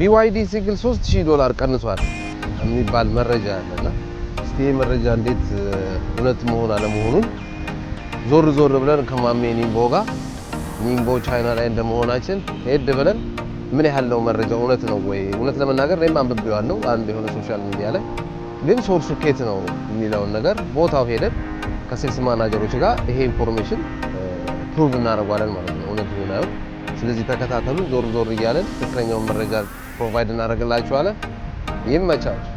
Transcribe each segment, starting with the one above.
ቢዋይዲ ሲግል 3000 ዶላር ቀንሷል የሚባል መረጃ አለና እስቲ መረጃ እንዴት እውነት መሆን አለመሆኑን ዞር ዞር ብለን ከማሜ ኒምቦ ጋር ኒምቦ ቻይና ላይ እንደመሆናችን ሄድ ብለን ምን ያህል ነው መረጃ እውነት ነው ወይ? እውነት ለመናገር እኔም አንብቤዋለሁ አንድ የሆነ ሶሻል ሚዲያ ላይ ግን ሶርሱ ኬት ነው የሚለውን ነገር ቦታው ሄደን ከሴልስ ማናጀሮች ጋር ይሄ ኢንፎርሜሽን ፕሩቭ እናደርጓለን ማለት ነው እውነት ይሆናል ስለዚህ ተከታተሉ። ዞር ዞር እያለን ትክክለኛውን መረጃ ፕሮቫይድ እናደርግላችኋለን። ይመቻችሁ።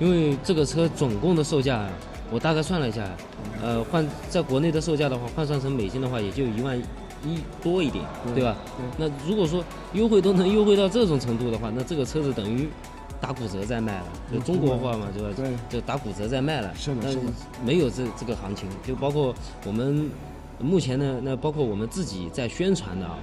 因为这个车总共的售价，我大概算了一下，呃，换在国内的售价的话，换算成美金的话，也就一万一多一点，对吧？那如果说优惠都能优惠到这种程度的话，那这个车子等于打骨折在卖了，就中国话嘛，对吧？对，就打骨折在卖了。是的，是的。那没有这这个行情，就包括我们目前呢，那包括我们自己在宣传的啊。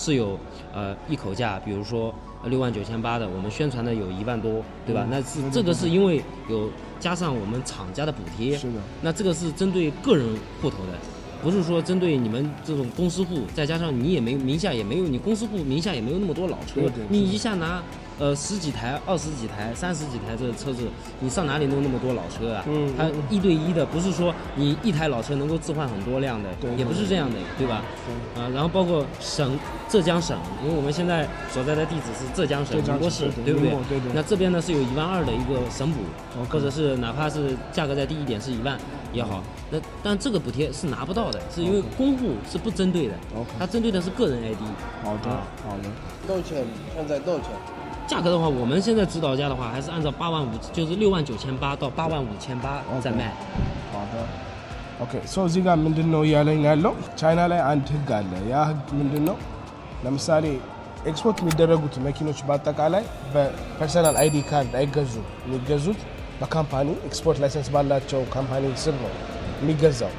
是有呃一口价，比如说六万九千八的，我们宣传的有一万多，对吧？那是这个是因为有加上我们厂家的补贴，是的。那这个是针对个人户头的，不是说针对你们这种公司户，再加上你也没名下也没有，你公司户名下也没有那么多老车，你一下拿。呃，十几台、二十几台、三十几台这车子，你上哪里弄那么多老车啊？嗯，它一对一的，不是说你一台老车能够置换很多辆的，也不是这样的，对吧？啊，然后包括省浙江省，因为我们现在所在的地址是浙江省宁波市，对不对？对对。那这边呢是有一万二的一个省补，或者是哪怕是价格再低一点是一万也好，那但这个补贴是拿不到的，是因为公户是不针对的，它针对的是个人 ID。好的，好的。道歉，现在道歉。价格的话，我们现在指导价的话，还是按照八万五，就是六万九千八到八万五千八在卖。好的。ኦኬ ሶ እዚህ ጋር ምንድን ነው እያለኝ ያለው ቻይና ላይ አንድ ህግ አለ። ያ ህግ ምንድን ነው? ለምሳሌ ኤክስፖርት የሚደረጉት መኪኖች በአጠቃላይ በፐርሰናል አይዲ ካርድ አይገዙም። የሚገዙት በካምፓኒ ኤክስፖርት ላይሰንስ ባላቸው ካምፓኒ ስር ነው የሚገዛው።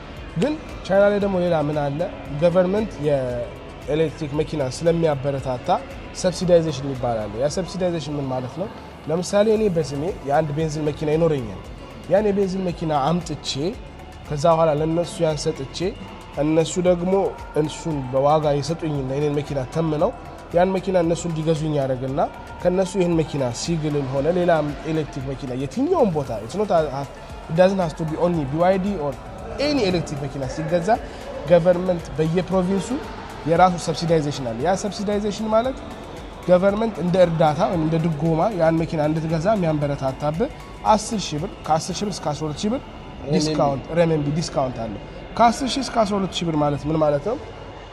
ግን ቻይና ላይ ደግሞ ሌላ ምን አለ? ገቨርንመንት የኤሌክትሪክ መኪና ስለሚያበረታታ ሰብሲዳይዜሽን ይባላል። ያ ሰብሲዳይዜሽን ምን ማለት ነው? ለምሳሌ እኔ በስሜ የአንድ ቤንዚን መኪና ይኖረኛል። ያን የቤንዚን መኪና አምጥቼ ከዛ በኋላ ለእነሱ ያን ሰጥቼ እነሱ ደግሞ እንሱን በዋጋ የሰጡኝና የኔን መኪና ተምነው ያን መኪና እነሱ እንዲገዙኝ ያደረግና ከእነሱ ይህን መኪና ሲግልም ሆነ ሌላ ኤሌክትሪክ መኪና የትኛውም ቦታ ዳዝን ሀስቶ ቢ ኦንሊ ቢዋይዲ ኦር ኤኒ ኤሌክትሪክ መኪና ሲገዛ ገቨርንመንት በየፕሮቪንሱ የራሱ ሰብሲዳይዜሽን አለ። ያ ሰብሲዳይዜሽን ማለት ገቨርንመንት እንደ እርዳታ ወይም እንደ ድጎማ ያን መኪና እንድትገዛ የሚያንበረታታብ 10 ሺህ ብር ከ10 ሺህ ብር እስከ 12 ሺህ ብር ዲስካውንት ረመንቢ ዲስካውንት አለ። ከ10 ሺህ እስከ 12 ሺህ ብር ማለት ምን ማለት ነው?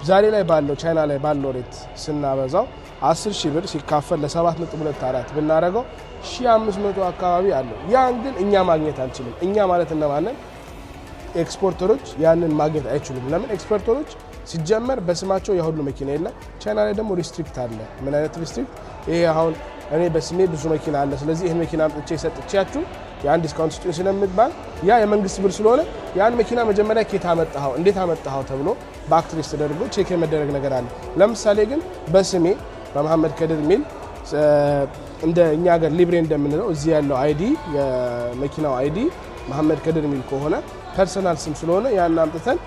ዛሬ ላይ ባለው ቻይና ላይ ባለው ሬት ስናበዛው 10 ሺህ ብር ሲካፈል ለ7.24 ብናደረገው 1500 አካባቢ አለው። ያን ግን እኛ ማግኘት አንችልም። እኛ ማለት እነማንን? ኤክስፖርተሮች ያንን ማግኘት አይችሉም። ለምን ኤክስፖርተሮች ሲጀመር በስማቸው የሁሉ መኪና የለም። ቻይና ላይ ደግሞ ሪስትሪክት አለ። ምን አይነት ሪስትሪክት? ይሄ አሁን እኔ በስሜ ብዙ መኪና አለ፣ ስለዚህ ይህን መኪና አምጥቼ ሰጥቻችሁ የአንድ ዲስካውንት ስጡኝ ስለሚባል ያ የመንግስት ብር ስለሆነ ያን መኪና መጀመሪያ ኬት አመጣኸው፣ እንዴት አመጣኸው ተብሎ በአክትሪስ ተደርጎ ቼክ የመደረግ ነገር አለ። ለምሳሌ ግን በስሜ በመሐመድ ከድር ሚል እንደ እኛ ሀገር ሊብሬ እንደምንለው እዚህ ያለው አይዲ የመኪናው አይዲ መሐመድ ከድር ሚል ከሆነ ፐርሰናል ስም ስለሆነ ያን አምጥተን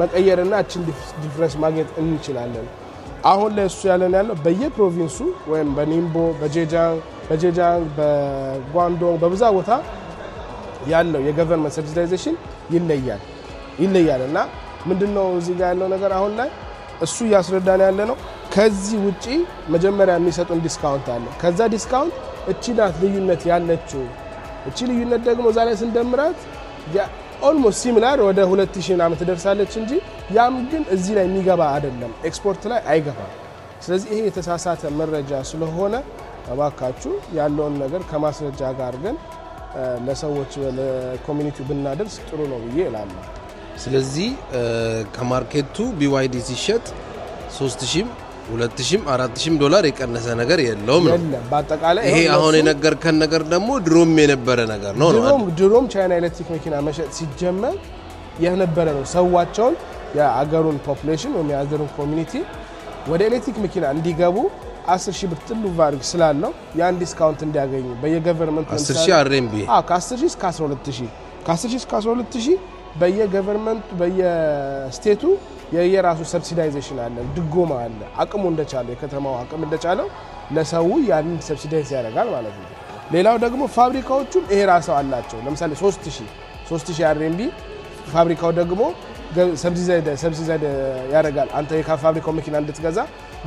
መቀየርና እችን ዲፍረንስ ማግኘት እንችላለን። አሁን ላይ እሱ ያለን ያለው በየፕሮቪንሱ ወይም በኒምቦ፣ በጄጃንግ፣ በጓንዶንግ በብዛ ቦታ ያለው የገቨርንመንት ሰብሲዳይዜሽን ይለያል ይለያል እና ምንድነው እዚህ ጋር ያለው ነገር አሁን ላይ እሱ እያስረዳን ያለ ነው። ከዚህ ውጪ መጀመሪያ የሚሰጡን ዲስካውንት አለ። ከዛ ዲስካውንት እቺ ናት ልዩነት ያለችው። እቺ ልዩነት ደግሞ እዛ ላይ ስንደምራት ኦልሞስት ሲሚላር ወደ 2000 ምናምን ትደርሳለች እንጂ ያም ግን እዚህ ላይ የሚገባ አይደለም፣ ኤክስፖርት ላይ አይገባም። ስለዚህ ይሄ የተሳሳተ መረጃ ስለሆነ እባካችሁ ያለውን ነገር ከማስረጃ ጋር ግን ለሰዎች ለኮሚኒቲ ብናደርስ ጥሩ ነው ብዬ እላለሁ። ስለዚህ ከማርኬቱ ቢዋይዲ ሲሸጥ 3000 ሁለት ሺህም ዶላር የቀነሰ ነገር የለውም ነው። በአጠቃላይ ይሄ አሁን የነገርከን ነገር ደግሞ ድሮም የነበረ ነገር ነው። ድሮም ቻይና ኤሌክትሪክ መኪና መሸጥ ሲጀመር የነበረ ነው። ሰዋቸውን የአገሩን ፖፕሌሽን ወይም የአገሩን ኮሚኒቲ ወደ ኤሌክትሪክ መኪና እንዲገቡ 10 ሺህ ብር ጥሉ ስላለው ያን ዲስካውንት እንዲያገኙ በየገቨርንመንት 10 ሺህ እስከ እስከ 12 ሺህ በየገቨርንመንቱ በየስቴቱ የየራሱ ሰብሲዳይዜሽን አለ፣ ድጎማ አለ። አቅሙ እንደቻለው የከተማው አቅም እንደቻለው ለሰው ያንን ሰብሲዳይዝ ያደርጋል ማለት ነው። ሌላው ደግሞ ፋብሪካዎቹም ይሄ ራሰው አላቸው። ለምሳሌ 3000 3000 አርኤምቢ ፋብሪካው ደግሞ ሰብሲዳይዝ ያደርጋል። አንተ የፋብሪካው መኪና እንድትገዛ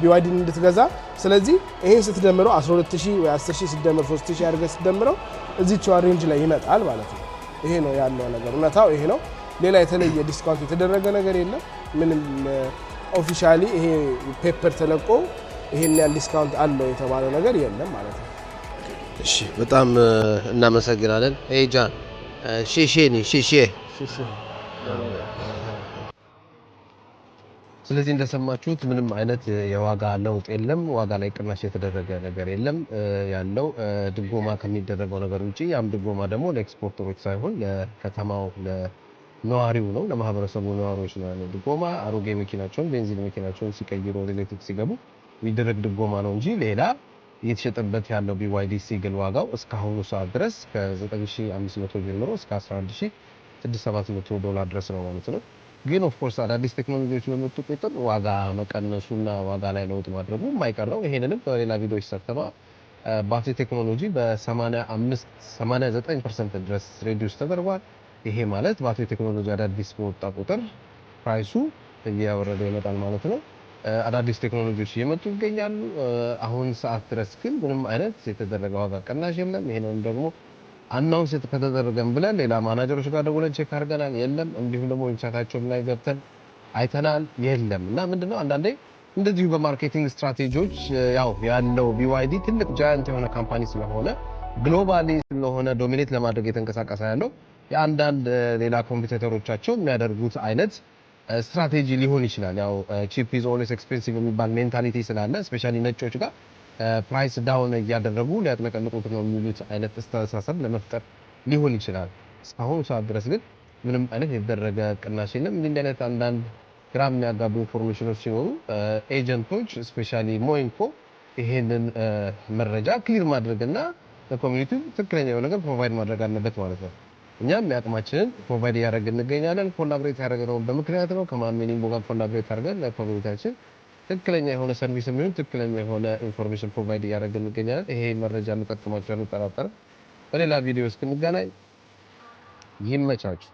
ቢዋይዲን እንድትገዛ። ስለዚህ ይሄ ስትደምረው 12000 ወይ 10000 ሲደምር 3000 አድርገህ ስትደምረው እዚህችዋ ሬንጅ ላይ ይመጣል ማለት ነው። ይሄ ነው ያለው ነገር፣ እውነታው ይሄ ነው። ሌላ የተለየ ዲስካውንት የተደረገ ነገር የለም። ምንም ኦፊሻሊ uh, ይሄ ፔፐር ተለቆ ይሄን ያህል ዲስካውንት አለው የተባለ ነገር የለም ማለት ነው። እሺ፣ በጣም uh, እናመሰግናለን። ጃን ሺሼ uh, ሺሼ ስለዚህ እንደሰማችሁት ምንም አይነት የዋጋ ለውጥ የለም። ዋጋ ላይ ቅናሽ የተደረገ ነገር የለም። ያለው ድጎማ ከሚደረገው ነገር ውጭ ያም ድጎማ ደግሞ ለኤክስፖርተሮች ሳይሆን ለከተማው ለነዋሪው ነው፣ ለማህበረሰቡ ነዋሪዎች ነው ያለው ድጎማ። አሮጌ መኪናቸውን ቤንዚን መኪናቸውን ሲቀይሩ ኤሌክትሪክ ሲገቡ የሚደረግ ድጎማ ነው እንጂ ሌላ እየተሸጠበት ያለው ቢዋይዲ ሲግል ዋጋው እስካሁኑ ሰዓት ድረስ ከ9500 ጀምሮ እስከ 11670 ዶላር ድረስ ነው ማለት ነው። ግን ኦፍኮርስ አዳዲስ ቴክኖሎጂዎች በመጡ ቁጥር ዋጋ መቀነሱና ዋጋ ላይ ለውጥ ማድረጉ የማይቀር ነው። ይሄንንም በሌላ ቪዲዮ ይሰርተናል። ባትሪ ቴክኖሎጂ በ85 89% ድረስ ሬዲዩስ ተደርጓል። ይሄ ማለት ባትሪ ቴክኖሎጂ አዳዲስ በወጣ ቁጥር ፕራይሱ እያወረደ ይመጣል ማለት ነው። አዳዲስ ቴክኖሎጂዎች እየመጡ ይገኛሉ። አሁን ሰዓት ድረስ ግን ምንም አይነት የተደረገ ዋጋ ቀናሽ የለም። ይሄንንም ደግሞ አናውንስ ከተደረገን ብለን ሌላ ማናጀሮች ጋር ደውለን ቼክ አድርገናል፣ የለም። እንዲሁም ደግሞ ዌብሳይታቸውም ላይ ገብተን አይተናል፣ የለም። እና ምንድነው አንዳንዴ እንደዚሁ በማርኬቲንግ ስትራቴጂዎች ያው ያለው ቢዋይዲ ትልቅ ጃያንት የሆነ ካምፓኒ ስለሆነ ግሎባሊ ስለሆነ ዶሚኔት ለማድረግ የተንቀሳቀሰ ያለው የአንዳንድ ሌላ ኮምፒውተሮቻቸው የሚያደርጉት አይነት ስትራቴጂ ሊሆን ይችላል። ያው ቺፕ ኢዝ ኦልዌይስ ኤክስፔንሲቭ የሚባል ሜንታሊቲ ስላለ ስፔሻሊ ነጮች ጋር ፕራይስ ዳውን እያደረጉ ሊያጥለቀልቁት ነው የሚሉት አይነት አስተሳሰብ ለመፍጠር ሊሆን ይችላል። እስካሁኑ ሰዓት ድረስ ግን ምንም አይነት የተደረገ ቅናሽ የለም። እንዲህ አይነት አንዳንድ ግራ የሚያጋቡ ኢንፎርሜሽኖች ሲኖሩ ኤጀንቶች ስፔሻሊ ሞይንኮ ይሄንን መረጃ ክሊር ማድረግና ለኮሚኒቲ ትክክለኛ የሆነ ነገር ፕሮቫይድ ማድረግ አለበት ማለት ነው። እኛም የአቅማችንን ፕሮቫይድ እያደረግን እንገኛለን። ኮላብሬት ያደረግነው በምክንያት ነው። ከማሜኒንጎ ጋር ኮላብሬት አድርገን ለኮሚኒቲያችን ትክክለኛ የሆነ ሰርቪስ የሚሆን ትክክለኛ የሆነ ኢንፎርሜሽን ፕሮቫይድ እያደረግን እንገኛለን። ይሄ መረጃ እንጠቅማቸው እንጠራጠር። በሌላ ቪዲዮ እስክንገናኝ ይመቻችሁ።